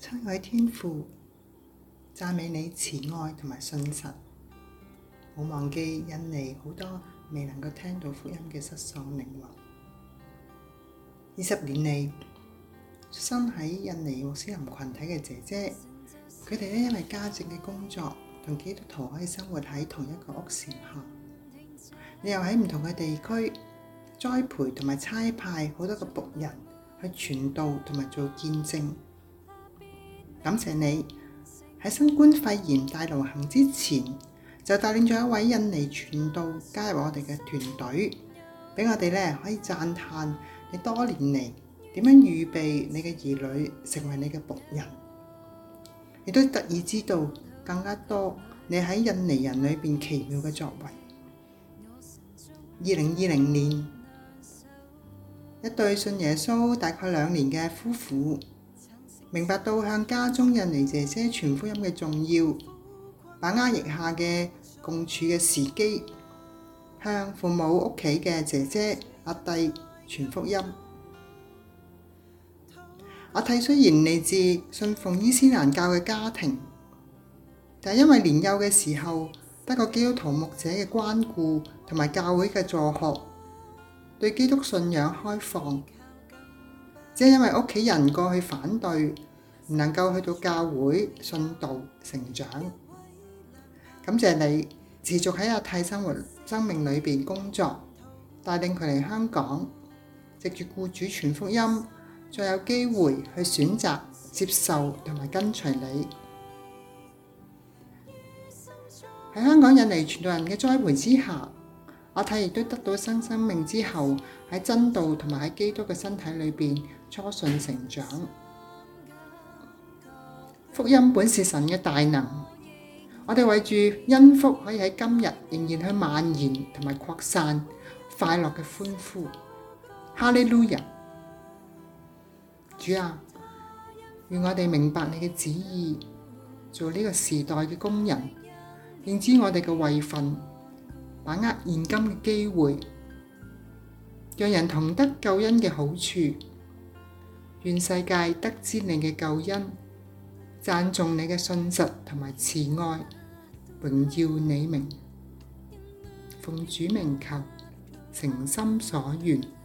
親愛的天父，讚美你慈愛同埋信實，冇忘記印尼好多未能夠聽到福音嘅失喪靈魂。二十年嚟，出生喺印尼穆斯林群體嘅姐姐，佢哋因為家政嘅工作同基督徒可以生活喺同一個屋檐下。你又喺唔同嘅地區栽培同埋差派好多嘅僕人去傳道同埋做見證。感謝你喺新冠肺炎大流行之前，就帶領咗一位印尼傳道加入我哋嘅團隊，俾我哋呢可以讚歎你多年嚟點樣預備你嘅兒女成為你嘅僕人。亦都特意知道更加多你喺印尼人裏面奇妙嘅作為。二零二零年，一對信耶穌大概兩年嘅夫婦。明白到向家中印尼姐姐傳福音嘅重要，把握腋下嘅共處嘅時機，向父母屋企嘅姐姐阿弟傳福音。阿弟雖然嚟自信奉伊斯蘭教嘅家庭，但係因為年幼嘅時候得過基督徒牧者嘅關顧同埋教會嘅助學，對基督信仰開放。只係因為屋企人過去反對，唔能夠去到教會信道成長。感謝你持續喺阿泰生活生命裏邊工作，帶領佢嚟香港，藉住僱主傳福音，再有機會去選擇接受同埋跟隨你。喺香港引嚟傳道人嘅栽培之下。我睇，亦都得到新生，生命之後，喺真道同埋喺基督嘅身體裏邊初信成長。福音本是神嘅大能，我哋為住恩福可以喺今日仍然去蔓延同埋擴散，快樂嘅歡呼，哈利路亞！主啊，願我哋明白你嘅旨意，做呢個時代嘅工人，認知我哋嘅位份。把握現今嘅機會，讓人同得救恩嘅好處，願世界得知你嘅救恩，讚頌你嘅信實同埋慈愛，榮耀你名，奉主名求，誠心所願。